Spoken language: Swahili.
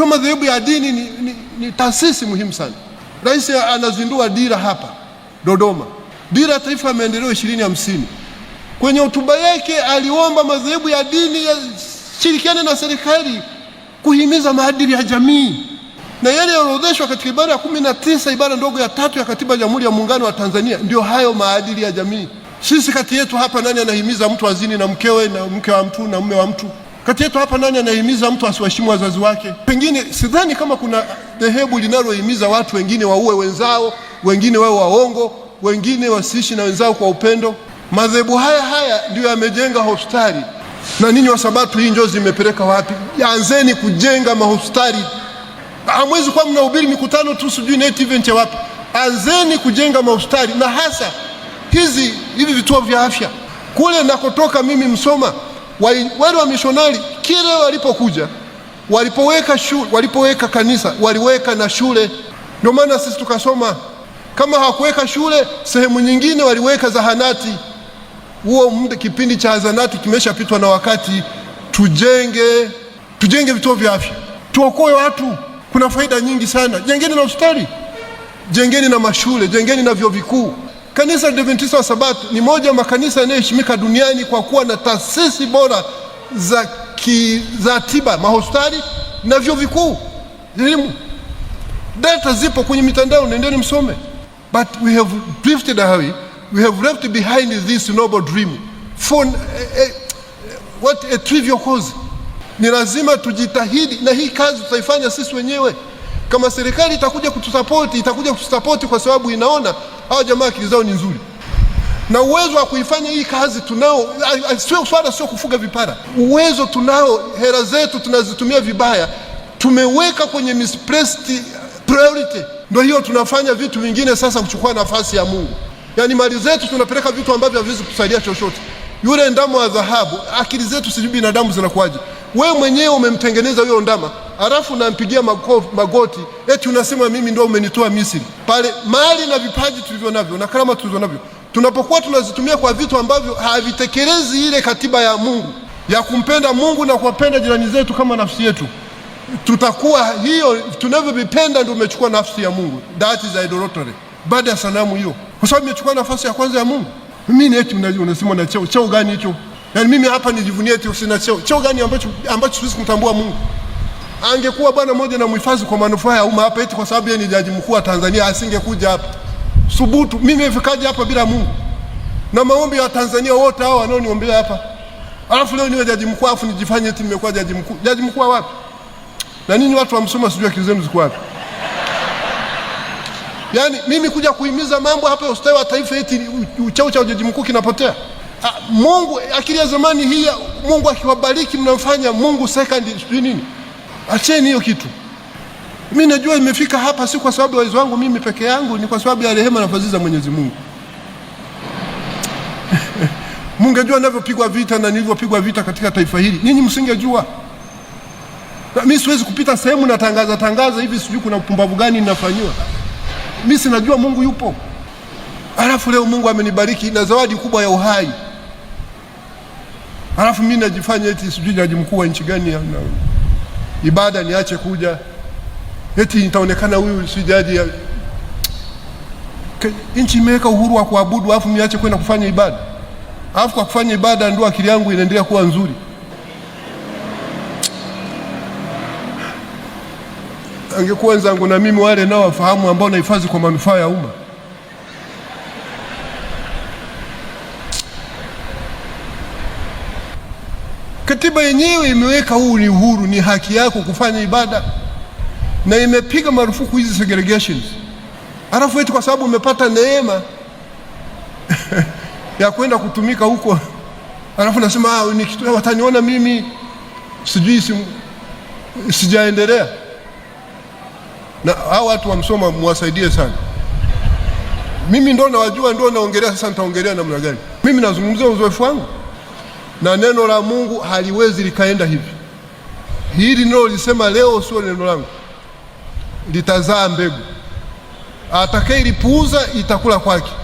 Kwa madhehebu ya dini ni, ni, ni taasisi muhimu sana. Rais anazindua dira hapa Dodoma, dira ya taifa ya maendeleo ishirini hamsini. Kwenye hotuba yake aliomba madhehebu ya dini yashirikiane na serikali kuhimiza maadili ya jamii na yale yaliyoorodheshwa katika ibara ya kumi na tisa ibara ndogo ya tatu ya katiba ya Jamhuri ya Muungano wa Tanzania, ndio hayo maadili ya jamii. Sisi kati yetu hapa, nani anahimiza mtu azini na mkewe na mke wa mtu na mume wa mtu? Kati yetu hapa nani anahimiza mtu asiwaheshimu wazazi wake? Pengine sidhani kama kuna dhehebu linalohimiza watu wengine waue wenzao, wengine wawe waongo, wengine wasiishi na wenzao kwa upendo. Madhehebu haya haya ndiyo yamejenga hospitali. Na ninyi Sabato, hii njozi imepeleka wapi? Anzeni kujenga mahospitali. Hamwezi kuwa mnahubiri mikutano tu, sijui net event ya wapi. Anzeni kujenga mahospitali, na hasa hizi hivi vituo vya afya. Kule nakotoka mimi Msoma wale mishonari kile walipokuja, walipoweka shule, walipoweka kanisa waliweka na shule. Ndio maana sisi tukasoma. Kama hawakuweka shule, sehemu nyingine waliweka zahanati. Huo muda, kipindi cha zahanati kimeshapitwa na wakati. Tujenge, tujenge vituo vya afya, tuokoe watu. Kuna faida nyingi sana. Jengeni na hospitali, jengeni na mashule, jengeni na vyuo vikuu. Kanisa la Adventista wa Sabato ni moja makanisa yanayoheshimika duniani kwa kuwa na taasisi bora za, ki, za tiba, mahospitali na vyuo vikuu elimu. Data zipo kwenye mitandao, nendeni msome. But we have drifted away, we have left behind this noble dream for a, eh, a, eh, what a trivial cause. Ni lazima tujitahidi, na hii kazi tutaifanya sisi wenyewe. Kama serikali itakuja kutusapoti, itakuja kutusapoti kwa sababu inaona hawa jamaa akili zao ni nzuri na uwezo wa kuifanya hii kazi tunao. Sio swala, sio kufuga vipara, uwezo tunao. Hela zetu tunazitumia vibaya, tumeweka kwenye misplaced priority. Ndio hiyo tunafanya vitu vingine sasa kuchukua nafasi ya Mungu, yani mali zetu tunapeleka vitu ambavyo haviwezi kutusaidia chochote. Yule ndama wa dhahabu, akili zetu sijui binadamu zinakuwaje. Wewe mwenyewe umemtengeneza huyo ndama halafu nampigia magoti eti unasema mimi ndio umenitoa Misri. Pale mali na vipaji tulivyo navyo na karama tulizo navyo, tunapokuwa tunazitumia kwa vitu ambavyo havitekelezi ile katiba ya Mungu ya kumpenda Mungu na kuwapenda jirani zetu kama nafsi yetu, tutakuwa hiyo tunavyovipenda ndio umechukua nafsi ya Mungu, that is idolatry, baada ya sanamu hiyo, kwa sababu imechukua nafasi ya kwanza ya Mungu. Mimi ni eti unasema na cheo, cheo gani hicho? Yaani mimi hapa nijivunie eti usina cheo, cheo gani ambacho ambacho siwezi kumtambua Mungu? Angekuwa bwana mmoja na mhifadhi kwa manufaa ya umma hapa, eti kwa sababu yeye ni jaji mkuu wa Tanzania, asingekuja hapa. Subutu, mimi nifikaje hapa bila Mungu na maombi ya Tanzania wote hao wanaoniombea hapa, alafu leo niwe jaji mkuu, alafu nijifanye eti nimekuwa jaji mkuu. Jaji mkuu wapi? Na ninyi watu wa Msoma, sijui akili zenu ziko wapi? Yaani mimi kuja kuhimiza mambo hapa ya ustawi wa taifa, eti uchao cha jaji mkuu kinapotea. Ah, Mungu, akili ya zamani hii, Mungu akiwabariki mnamfanya Mungu second sijui nini. Acheni hiyo kitu. Mimi najua imefika hapa si kwa sababu ya uwezo wangu mimi peke yangu, ni kwa sababu ya rehema na fadhila za Mwenyezi Mungu. Mungejua ninavyopigwa vita na nilivyopigwa vita katika taifa hili, ninyi msingejua. Mimi siwezi kupita sehemu na tangaza tangaza hivi, sijui kuna upumbavu gani ninafanyiwa. Mimi sinajua Mungu yupo, alafu leo Mungu amenibariki na zawadi kubwa ya uhai, alafu mimi najifanya eti sijui jaji mkuu wa nchi gani ya na, ibada niache kuja, eti nitaonekana huyu si jaji. Nchi imeweka uhuru wa kuabudu, alafu niache kwenda kufanya ibada, alafu kwa kufanya ibada ndio akili yangu inaendelea kuwa nzuri. Angekuwa wenzangu na mimi wale nao wafahamu, ambao nahifadhi kwa manufaa ya umma Katiba yenyewe imeweka huu ni uhuru, ni haki yako kufanya ibada, na imepiga marufuku hizi segregations. Alafu eti kwa sababu umepata neema ya kwenda kutumika huko, alafu nasema ah, wataniona mimi sijui sijaendelea. Na hao watu wa Msoma sana. Mimi ndo nawajua, ndo naongelea sasa. Nitaongelea namna gani? Mimi nazungumzia uzoefu wangu na neno la Mungu haliwezi likaenda hivi. Hili lisema leo sio neno langu, litazaa mbegu. Atakayelipuuza itakula kwake.